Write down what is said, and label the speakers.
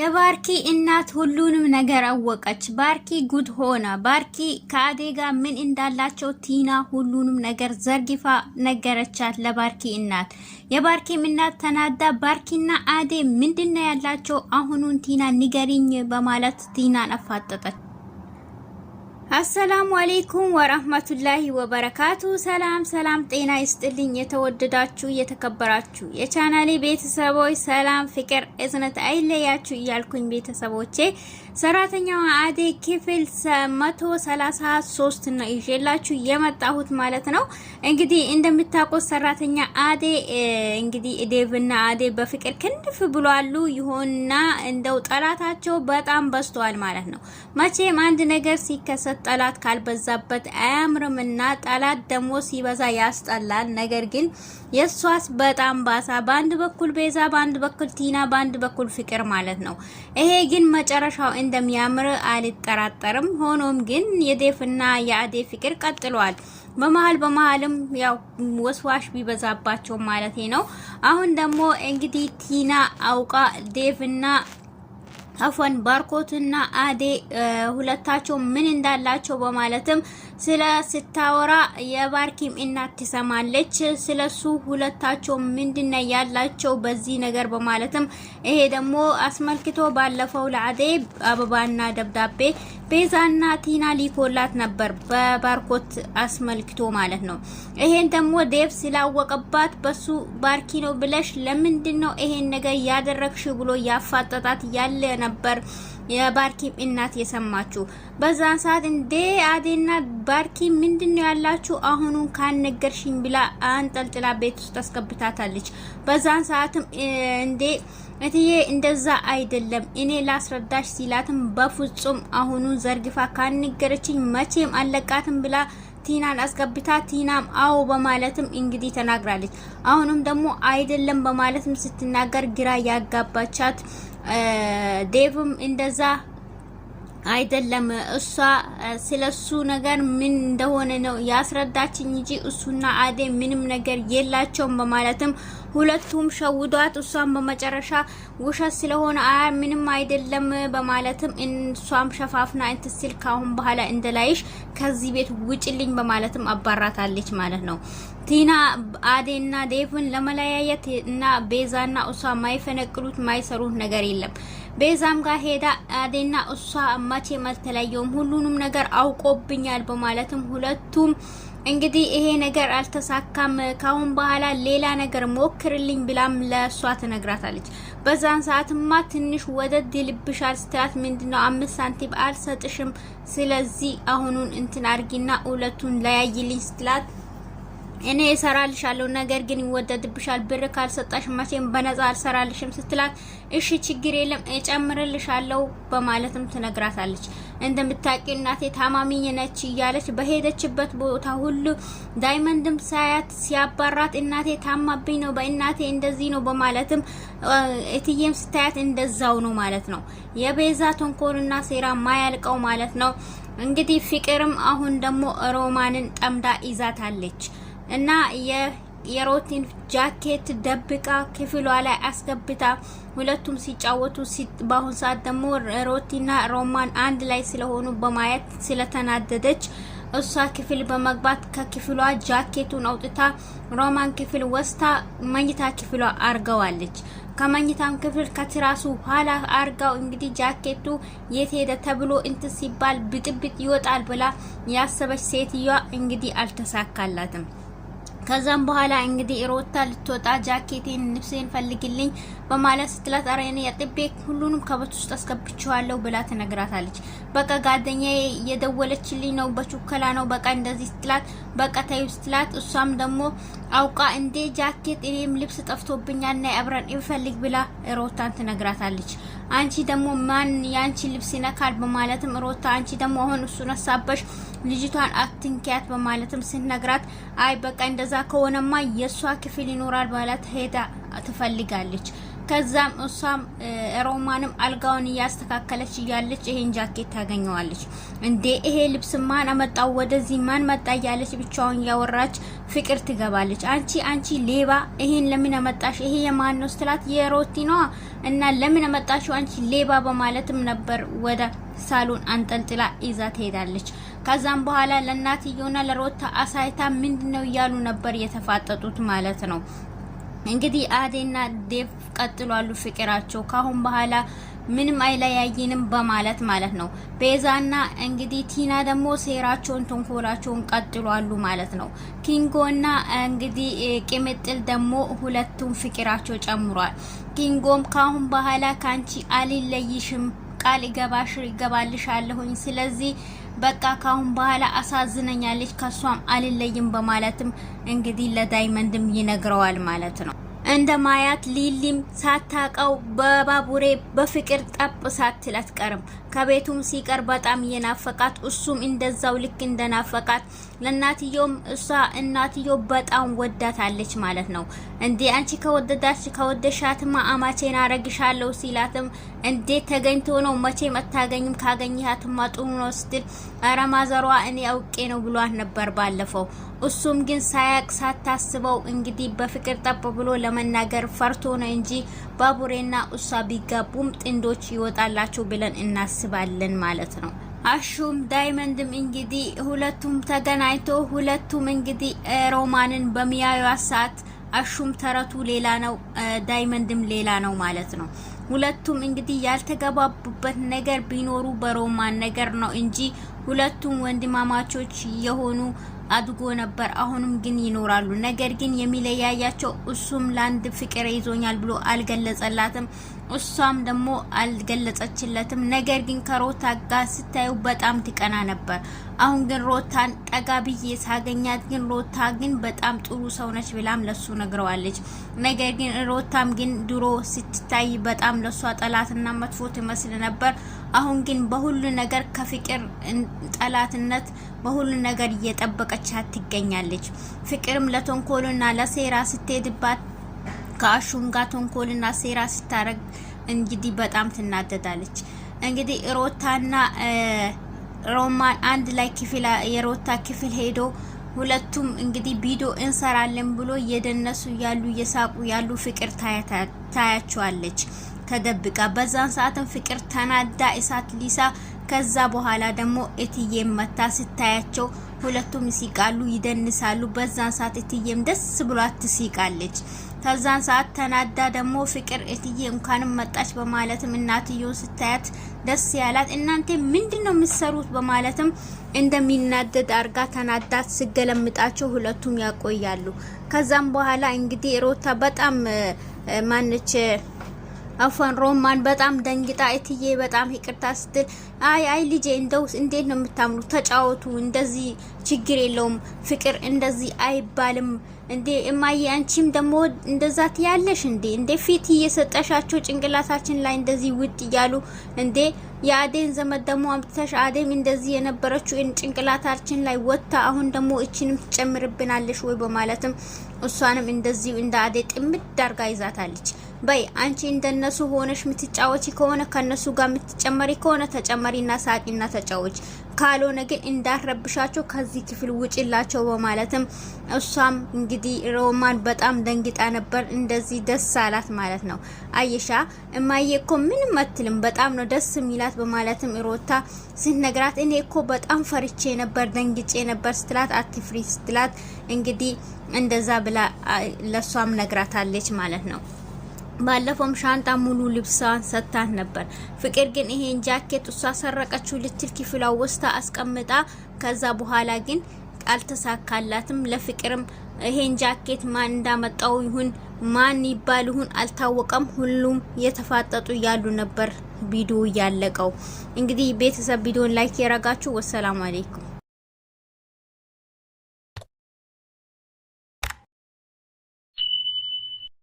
Speaker 1: የባርኪ እናት ሁሉንም ነገር አወቀች። ባርኪ ጉድ ሆነ። ባርኪ ከአዴ ጋር ምን እንዳላቸው ቲና ሁሉንም ነገር ዘርግፋ ነገረቻት ለባርኪ እናት። የባርኪም እናት ተናዳ ባርኪና አዴ ምንድነው ያላቸው? አሁኑን ቲና ንገሪኝ በማለት ቲናን አፋጠጠች። አሰላሙ አሌይኩም ወራህመቱላሂ ወበረካቱ። ሰላም ሰላም፣ ጤና ይስጥልኝ። የተወደዳችሁ የተከበራችሁ የቻናሌ ቤተሰቦች ሰላም፣ ፍቅር፣ እዝነት አይለያችሁ እያልኩኝ ቤተሰቦቼ ሰራተኛዋ አዴ ክፍል መቶ ሰላሳ ሶስት ነው ይዤላችሁ የመጣሁት ማለት ነው። እንግዲህ እንደምታውቁት ሰራተኛ አዴ እንግዲህ ዴቭና አዴ በፍቅር ክንፍ ብሏሉ። ይሆንና እንደው ጠላታቸው በጣም በዝተዋል ማለት ነው። መቼም አንድ ነገር ሲከሰት ጠላት ካልበዛበት አያምርምና ጠላት ደግሞ ሲበዛ ያስጠላል። ነገር ግን የሷስ በጣም ባሳ። በአንድ በኩል ቤዛ፣ በአንድ በኩል ቲና፣ በአንድ በኩል ፍቅር ማለት ነው። ይሄ ግን መጨረሻው እንደሚያምር አልጠራጠርም። ሆኖም ግን የዴፍና የአዴ ፍቅር ቀጥሏል። በመሀል በመሀልም ያው ወስዋሽ ቢበዛባቸው ማለት ነው። አሁን ደግሞ እንግዲህ ቲና አውቃ ዴቭና አፎን ባርኮትና አዴ ሁለታቸው ምን እንዳላቸው በማለትም ስለ ስታወራ የባርኪም እናት ትሰማለች። ስለሱ ሁለታቸው ምንድነ ያላቸው በዚህ ነገር በማለትም ይሄ ደግሞ አስመልክቶ ባለፈው ለአዴ አበባና ደብዳቤ ቤዛና ቲና ሊኮላት ነበር በባርኮት አስመልክቶ ማለት ነው። ይሄን ደግሞ ዴቭ ስላወቀባት በሱ ባርኪ ነው ብለሽ ለምንድን ነው ይሄን ነገር ያደረግሽ ብሎ ያፋጠጣት ያለ ነበር። የባርኪም እናት የሰማችሁ በዛን ሰዓት እንዴ አዴና ባርኪ ምንድን ነው ያላችሁ? አሁኑን ካነገርሽኝ ብላ አንጠልጥላ ቤት ውስጥ አስገብታታለች። በዛን ሰዓትም እንዴ እትዬ እንደዛ አይደለም እኔ ላስረዳሽ ሲላትም በፍጹም አሁኑ ዘርግፋ ካነገረችኝ መቼም አለቃትም ብላ ቲናን አስገብታ ቲናም አዎ በማለትም እንግዲህ ተናግራለች። አሁንም ደግሞ አይደለም በማለትም ስትናገር ግራ ያጋባቻት ዴቭም እንደዛ አይደለም እሷ ስለ እሱ ነገር ምን እንደሆነ ነው ያስረዳችኝ እንጂ እሱና አዴ ምንም ነገር የላቸውም በማለትም ሁለቱም ሸውዷት እሷም በመጨረሻ ውሸት ስለሆነ አያ ምንም አይደለም በማለትም እሷም ሸፋፍና እንትስል ካሁን በኋላ እንደላይሽ ከዚህ ቤት ውጭልኝ በማለትም አባራታለች ማለት ነው። ቲና አዴና ዴቭን ለመለያየት እና ቤዛና እሷ ማይፈነቅሉት ማይሰሩት ነገር የለም። ቤዛም ጋር ሄዳ አዴና እሷ መቼም አልተለያየውም ሁሉንም ነገር አውቆብኛል በማለትም ሁለቱም እንግዲህ ይሄ ነገር አልተሳካም፣ ካሁን በኋላ ሌላ ነገር ሞክርልኝ ብላም ለእሷ ትነግራታለች። በዛን ሰዓትማ ትንሽ ወደድ ልብሻል ስትላት ምንድነው አምስት ሳንቲም አልሰጥሽም፣ ስለዚህ አሁኑን እንትን አርጊና ሁለቱን ለያይልኝ ስትላት እኔ እሰራልሻለሁ፣ ነገር ግን ይወደድብሻል። ብር ካልሰጣሽ መቼም በነጻ አልሰራልሽም ስትላት፣ እሺ ችግር የለም እጨምርልሻለሁ በማለትም ትነግራታለች። እንደምታውቂ እናቴ ታማሚ ነች እያለች በሄደችበት ቦታ ሁሉ ዳይመንድም ሳያት ሲያባራት፣ እናቴ ታማብኝ ነው በእናቴ እንደዚህ ነው በማለትም እትዬም ስታያት እንደዛው ነው ማለት ነው። የቤዛ ተንኮልና ሴራ ማያልቀው ማለት ነው። እንግዲህ ፍቅርም አሁን ደግሞ ሮማንን ጠምዳ ይዛታለች። እና የሮቲን ጃኬት ደብቃ ክፍሏ ላይ አስገብታ ሁለቱም ሲጫወቱ በአሁን ሰዓት ደግሞ ሮቲና ሮማን አንድ ላይ ስለሆኑ በማየት ስለተናደደች እሷ ክፍል በመግባት ከክፍሏ ጃኬቱን አውጥታ ሮማን ክፍል ወስታ መኝታ ክፍሏ አርገዋለች። ከመኝታን ክፍል ከትራሱ ኋላ አርጋው እንግዲህ ጃኬቱ የት ሄደ ተብሎ እንት ሲባል ብጥብጥ ይወጣል ብላ ያሰበች ሴትዮዋ እንግዲህ አልተሳካላትም። ከዛም በኋላ እንግዲህ ሮታ ልትወጣ ጃኬቴን ልብሴን ፈልግልኝ በማለት ስትላት ኧረ እኔ አጥቤ ሁሉንም ከቤት ውስጥ አስገብቼዋለሁ ብላ ትነግራታለች። በቃ ጓደኛዬ የደወለችልኝ ነው በቹከላ ነው በቃ እንደዚህ ስትላት በቃ ተይው ስትላት እሷም ደግሞ አውቃ እንዴ ጃኬት እኔም ልብስ ጠፍቶብኛል ጠፍቶብኛልና አብረን እንፈልግ ብላ ሮታን ትነግራታለች። አንቺ ደግሞ ማን የአንቺ ልብስ ይነካል? በማለትም ሮታ አንቺ ደግሞ አሁን እሱ ነሳበሽ ልጅቷን አትንኪያት በማለትም ስነግራት አይ በቃ እንደዛ ከሆነማ የእሷ ክፍል ይኖራል በማለት ሄዳ ትፈልጋለች። ከዛም እሷም ሮማንም አልጋውን እያስተካከለች እያለች ይሄን ጃኬት ታገኘዋለች። እንዴ ይሄ ልብስ ማን አመጣው? ወደዚህ ማን መጣ? እያለች ብቻውን እያወራች ፍቅር ትገባለች። አንቺ አንቺ ሌባ ይሄን ለምን አመጣሽ? ይሄ የማን ነው ስትላት የሮቲ ነዋ እና ለምን አመጣሽ አንቺ ሌባ በማለትም ነበር ወደ ሳሎን አንጠልጥላ ይዛ ትሄዳለች። ከዛም በኋላ ለእናትየውና ለሮታ አሳይታ ምንድነው እያሉ ነበር የተፋጠጡት ማለት ነው። እንግዲህ አዴና ዴቭ ቀጥሏሉ ፍቅራቸው ካሁን በኋላ ምንም አይለያይንም በማለት ማለት ነው። ቤዛና እንግዲህ ቲና ደግሞ ሴራቸውን ተንኮላቸውን ቀጥሏሉ ማለት ነው። ኪንጎና እንግዲህ ቅምጥል ደግሞ ሁለቱም ፍቅራቸው ጨምሯል። ኪንጎም ካሁን በኋላ ካንቺ አልለይሽም ቃል ይገባሽ አለሁኝ ስለዚህ በቃ ካሁን በኋላ አሳዝነኛለች ከሷም አልለይም በማለትም እንግዲህ ለዳይመንድም ይነግረዋል ማለት ነው። እንደ ማያት ሊሊም ሳታቀው በባቡሬ በፍቅር ጠብ ሳትል አትቀርም። ከቤቱም ሲቀር በጣም የናፈቃት እሱም እንደዛው ልክ እንደናፈቃት ለእናትየውም እሷ እናትየው በጣም ወዳታለች ማለት ነው። እንዴ አንቺ ከወደዳች ከወደሻትማ አማቼን አረግሻለሁ ሲላትም እንዴት ተገኝቶ ነው መቼም አታገኝም ካገኘሃትማ ጥሩ ነው ስትል ኧረ ማዘሯ እኔ አውቄ ነው ብሏት ነበር ባለፈው። እሱም ግን ሳያቅ ሳታስበው እንግዲህ በፍቅር ጠብ ብሎ ለመናገር ፈርቶ ነው እንጂ ባቡሬና እሷ ቢጋቡም ጥንዶች ይወጣላቸው ብለን እናስ እናስባለን ማለት ነው። አሹም ዳይመንድም እንግዲህ ሁለቱም ተገናኝቶ ሁለቱም እንግዲህ ሮማንን በሚያዩት ሰዓት አሹም ተረቱ ሌላ ነው፣ ዳይመንድም ሌላ ነው ማለት ነው። ሁለቱም እንግዲህ ያልተገባቡበት ነገር ቢኖሩ በሮማን ነገር ነው እንጂ ሁለቱም ወንድማማቾች የሆኑ አድጎ ነበር። አሁንም ግን ይኖራሉ። ነገር ግን የሚለያያቸው እሱም ለአንድ ፍቅር ይዞኛል ብሎ አልገለጸላትም። እሷም ደግሞ አልገለጸችለትም። ነገር ግን ከሮታ ጋር ስታዩ በጣም ትቀና ነበር። አሁን ግን ሮታን ጠጋ ብዬ ሳገኛት ግን ሮታ ግን በጣም ጥሩ ሰው ነች ብላም ለሱ ነግረዋለች። ነገር ግን ሮታም ግን ድሮ ስትታይ በጣም ለሷ ጠላትና መጥፎ ትመስል ነበር። አሁን ግን በሁሉ ነገር ከፍቅር ጠላትነት በሁሉ ነገር እየጠበቀቻት ትገኛለች። ፍቅርም ለተንኮሉና ለሴራ ስትሄድባት ከአሹም ጋር ተንኮልና ሴራ ስታረግ እንግዲህ በጣም ትናደዳለች። እንግዲህ ሮታና ሮማን አንድ ላይ ክፍል የሮታ ክፍል ሄዶ ሁለቱም እንግዲህ ቪዲዮ እንሰራለን ብሎ እየደነሱ ያሉ እየሳቁ ያሉ ፍቅር ታያቸዋለች ተደብቃ። በዛን ሰዓትም ፍቅር ተናዳ እሳት ሊሳ ከዛ በኋላ ደግሞ እትዬ መታ ስታያቸው ሁለቱም ይስቃሉ፣ ይደንሳሉ። በዛን ሰዓት እትዬም ደስ ብሏት ትስቃለች። ከዛን ሰዓት ተናዳ ደግሞ ፍቅር እትዬ እንኳንም መጣች በማለትም እናትየው ስታያት ደስ ያላት እናንተ ምንድን ነው የምትሰሩት በማለትም እንደሚናደድ አርጋ ተናዳት ስገለምጣቸው ሁለቱም ያቆያሉ። ከዛም በኋላ እንግዲህ ሮታ በጣም ማነች አፏን ሮማን በጣም ደንግጣ እትዬ በጣም ይቅርታ ስትል አይ አይ ልጄ እንደው እንዴት ነው የምታምሩ ተጫወቱ እንደዚህ ችግር የለውም ፍቅር እንደዚህ አይባልም እንዴ እማዬ አንቺም ደግሞ እንደዛ ትያለሽ እንዴ እንዴ ፊት እየሰጠሻቸው ጭንቅላታችን ላይ እንደዚህ ውጥ እያሉ እንዴ የአዴን ዘመድ ደግሞ አምጥተሽ አዴም እንደዚህ የነበረችውን ጭንቅላታችን ላይ ወጥታ አሁን ደግሞ እችንም ትጨምርብናለሽ ወይ በማለትም እሷንም እንደዚሁ እንደ አዴ ጥምድ ዳርጋ ይዛታለች በይ አንቺ እንደነሱ ሆነሽ ምትጫወቺ ከሆነ ከነሱ ጋር ምትጨመሪ ከሆነ ተጨመሪና ሳቂና ተጫወች ካልሆነ ግን እንዳረብሻቸው ከዚህ ክፍል ውጭላቸው በማለትም እሷም እንግዲህ ሮማን በጣም ደንግጣ ነበር። እንደዚህ ደስ አላት ማለት ነው። አይሻ እማዬ እኮ ምንም አትልም፣ በጣም ነው ደስ የሚላት በማለትም ሮታ ስትነግራት እኔ እኮ በጣም ፈርቼ ነበር፣ ደንግጬ ነበር ስትላት፣ አትፍሪ ስትላት እንግዲህ እንደዛ ብላ ለሷም ነግራታለች ማለት ነው። ባለፈውም ሻንጣ ሙሉ ልብሷን ሰጥታን ነበር። ፍቅር ግን ይሄን ጃኬት እሷ ሰረቀችው ልትል ክፍሏ ወስታ አስቀምጣ፣ ከዛ በኋላ ግን አልተሳካላትም። ለፍቅርም ይሄን ጃኬት ማን እንዳመጣው ይሁን ማን ይባል ይሁን አልታወቀም። ሁሉም የተፋጠጡ እያሉ ነበር ቪዲዮ እያለቀው። እንግዲህ ቤተሰብ ቪዲዮን ላይክ ያረጋችሁ። ወሰላሙ አሌይኩም